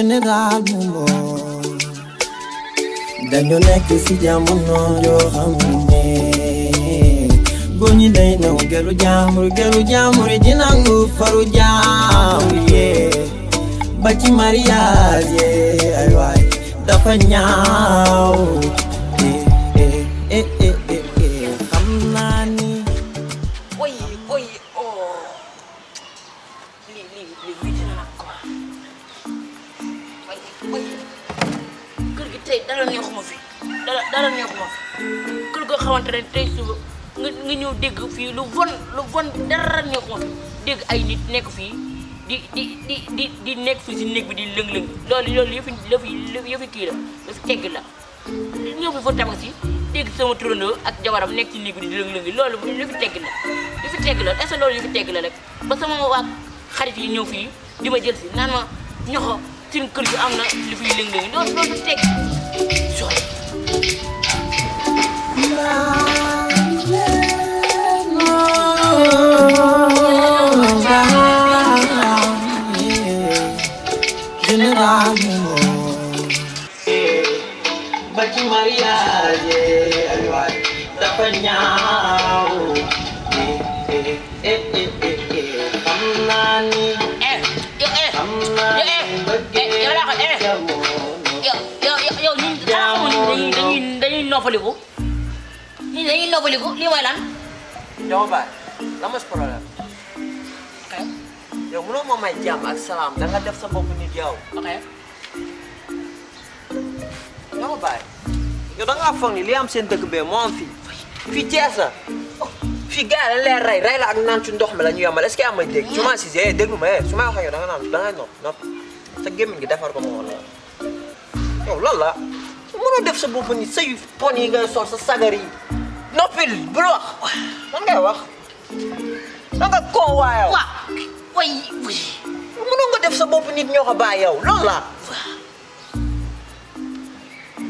général mu ngoon dañu nekk si jàmm noonu yoo xam ne góor ñi day naw gelu jaamur gelu jaamur ji nangu faru jaam yee ba ci mariage yee ay waay dafa ñaaw dara neexuma fi dara dara neexuma fi kër goo xamante ne tey suba nga nga ñëw dégg fii lu bon lu bon dara neexuma fi dégg ay nit nekk fii di di di di di nekk fii si néeg bi di lëng-lëng loolu loolu yëfi yëfi yëfi kii la yëfi tegg la ñëw fi fa si dégg sama ak jabaram nekk ci néeg bi di lëng-lëng loolu yëfi tegg la yëfi tegg la est loolu yëfi tegg la rek ba sama waa xarit yi ñëw fii di ma jël si naan ma ñoxo suñu kër gi am na li fiy lëng-lëng loolu loolu tegg you, Maria je, ayo, da fanya noppaliku ñun dañuy noppaliku lii mooy lan. dama baay la mos problème. ok. yow mënoo ma may jàmm ak salaam da nga ada sa bopp nit yow. ok. dama baay yow da ngaa foog ni li am seen dëkk bee fi. am fii fii le la fii gars dañ lay rey rey la ak naan ci ndox mi la ñu yamal est ce que yaa may dégg. su ma sisee déglu ma su ma wax da nga da sa gi defar ko yow la mëno def sa bopp ni sëy pon yi nga sol sa sagar yi noppil bul wax man ngay wax da nga ko waa wa way mëno nga def sa bopp nit ñoo ko bàyyi yow lool la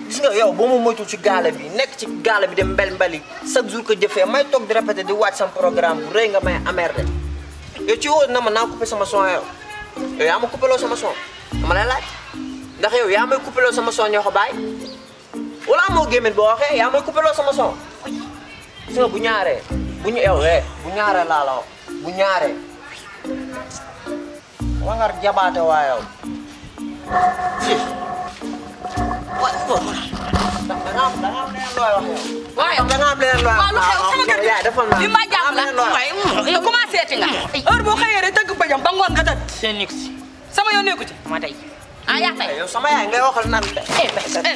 gis nga yow bo mo moytu ci gala bi nek ci gala bi dem mbel mbali chaque jour ko jëfé may tok di répéter di wacc sam programme bu nga may amer de ci wo oh, na ma naa coupé sama son yow yo ya ma coupé lo sama son ma lay laaj ndax yow yaa may coupé lo sama son ñoo ko Wala mo gamit bo okay? Yaa may coupé sama son. Gis nga bu eh bu ñaaree laa la wax bu ñaaree. Wangar jabaate Wah, wah, Tangan, tangan, am Tangan, tangan, am leneen looy wax yow. lu xew sama kër yaay dafa naan. la nga. heure ba sama yoon nekku ci ma ah yaa fay yow sama yaay ngay waxal naan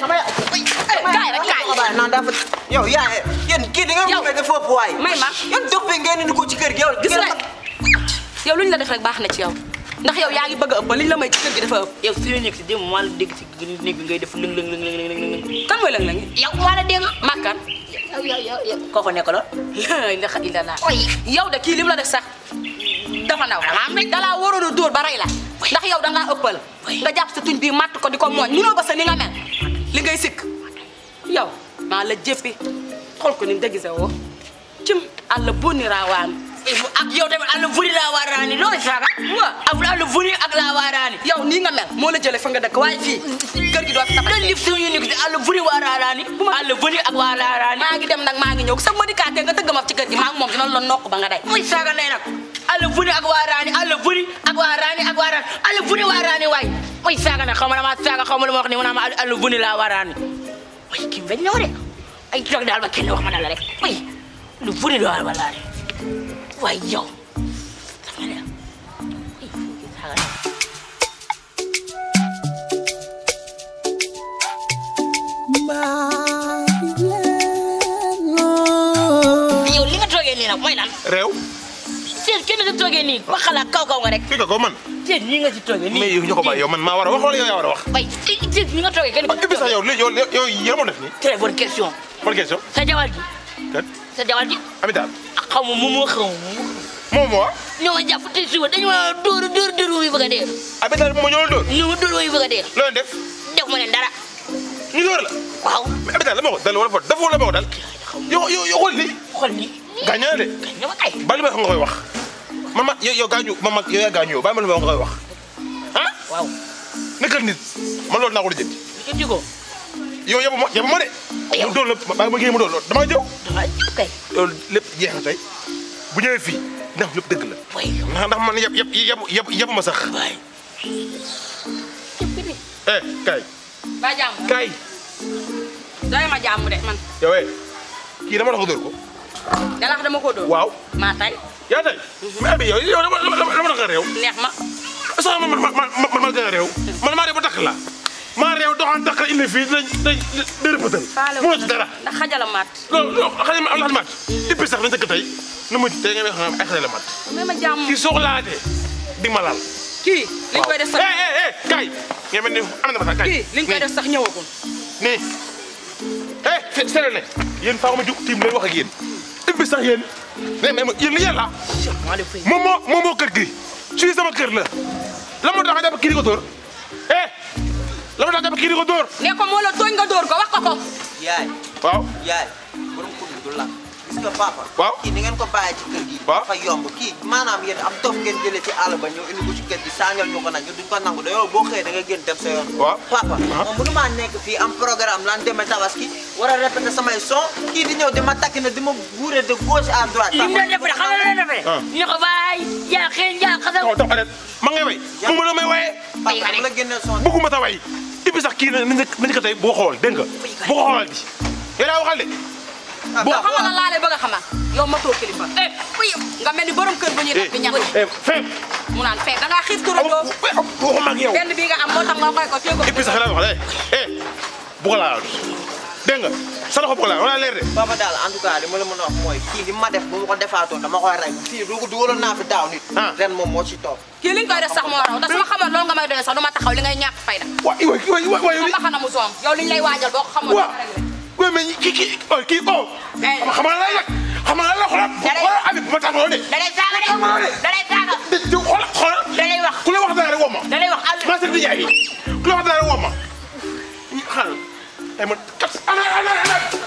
sama yaay kaay rek kaay naan yaay yéen kii di nga mu bëgg foofu waay may ma yéen dëpp bi ngeen indi ko ci kër gi yow gis nga yow la def rek baax na ci yow ndax yow yaa ngi bëgg a ëpp la may ci kër gi dafa ëpp yow si la nekk si démb maa la dégg si néeg bi ngay def lëng lëng lëng lëng lëng kan mooy lëng lëng yow maa la dégg màkkaan yow yow yow koo fa la ilaha illallah yow de kii lim la def sax dafa ndaw da laa waroon a dóor ba rey la ndax yow da ngaa ëppal nga jàpp sa tuñ bii matt ko di ko mooñ ñunoo ba sa ni nga mel li ngay sikk yow maa la jëppi xool ko ni nga gisee woo cim àll bonni raawaan ak yow tamit àll vuri laawaaraani looy saaga waaw àll vuri ak laawaaraani yow nii nga mel moo la jële fa nga dëkk waaye fii kër gi doo fi tabax lif suñu ni ci àll vuri waaraaraani àll vuri ak waaraaraani maa ngi dem nag ngi sa nga ma ci kër gi maa ngi moom dina la nokk ba nga day muy saaga ndey alla funi ak waa raani alla funi ak saaga na xaw ma saaga xaw ma lu ma wax ni mu naa ma alla funi laa ay toog daal ba kenn wax ma na la rek lu funi laa waa raani waay yow Maa leen yow li nga toogee seen kenn nga toogee nii waxala kaw kaw nga rek. fii nga ko man. seen ñi nga ci toogee nii. mais yow ñu ko bàyyi yow man maa war a wax wala yow yaa war a wax. waaye seen ñi nga toogee kenn. ah Ibou sax yow léegi yow yow yow moo def nii. très bonne question. bonne question. sa jabar ji. kan sa jabar ji. Amita. ah xaw ma moom moo xaw ma. moom moo. ñoo ma jàpp te suba dañu ma dóor dóor dóor wu ñu bëgg a dee. Amita moom ñoo la dóor. ñoo ma dóor wu ñu bëgg a dee. loo leen def. def ma leen dara. ñu dóor la. waaw. mais Amita la ma ko dal wala fa daf wala ma ko dal Yo yo yo xool nii. xool nii gaañ na de. gaañ ma kay bàyyi ma nga koy wax. man ma yo yow gaañu yo ma yow yaa gaañu yow bàyyi ma nga koy wax. ah waaw. nekkal nit man loolu naa ko jënd. jëndi ko. yo yabu ma yabu ma de. yow mu doon la ma ma génn mu doon la damaa jëw. damaa jëw kay. loolu lépp jeex na tey bu ñëwee fii ndax lépp dëgg la. waay ndax ndax man yab yab yab yab ma sax. waay. eh kay. ba jàmm kay. doy ma jàmm de man. yow eh. kira dama tax dóor ko galax dama ko dóor wow. ma tay ya tay mais bi yo yo dama dama tax rew neex ma so ma ma ma ma gën rew man ma rew ba tak la rew do han tak la fi de de de dërëpatal mo ci dara da xajala maat non xajala am laxat maat depuis sax dañ dëkk tey nu mu te nga may xam ay xajala mat mais ma jàmm kii soxlaatee di malal ki li koy def sax eh eh, eh. kay nga mel ni am na kay ki li koy def sax ñëwagul nii Sénégalais yéen faaw ma jug tiim lay wax ak yéen a sax yéen mais mais yéen li yàlla moom moo moom moo kër sa suy kër la la moo tax a jàpp kii di ko dóor eh la moo tax a kii di ko dóor ko moo la tooñ nga dóor ko wax ko ko gis nga papa. waaw kii ni ngeen ko bàyyi ci kër gi. waaw dafa yomb kii maanaam yéen am dof ngeen jëlee ci àll ba ñëw indi ci kër gi sàngal ñu ko nag ñu duñ ko nangu dañoo boo xëyee da nga gën def sa yoon. waaw papa moom mënu maa nekk fii am programme lan demee tabaski war a répété samay son kii di ñëw di ma takk na di ma buure de gauche à droite. li mu doon def rek xam nga defee. ñu ah. ko bàyyi yaa xëy ma ngay way mu mën a may waye. papa mu la génneel son bëgguma ta way et puis sax kii na nañu ko tey boo xool dégg nga boo xamal la laa lay bëgg a xamal yow ma too kilifa eh, nga mel ni borom kër bu ñuy def bi ñax eh, eh, fépp mu naan fee da ngaa xiif turandoo waxuma ak yow benn bi nga am moo tax nga koy ko fii ko et puis sax laa wax eh bu ko laal dégg nga sa loxo bu ko laal wala leer de baba daal en tout cas li ma la mën a wax mooy kii li ma def bu ma ko defaatoon dama koy rey fii du dugaloon naa fi daaw nit ah. ren moom moo ci toog kii li nga koy def sax moo raw te su ma xamoon loolu nga may doyee sax du ma taxaw li ngay ñàkk fayda waay waay waay waay yow li ñu góor oh, oh. ma kii kii kii oo. xam nga lan la xam nga lan la xoolal. xoolal Habib ma taxawoo de. da lay saaga de da lay saaga. di xoolal xoolal. da lay wax ku la wax dara rek woo ma. da lay wax Habib maa seetlu jaay bi ku la wax dara rek woo ma. xaaral ay ma kat ana ana ana.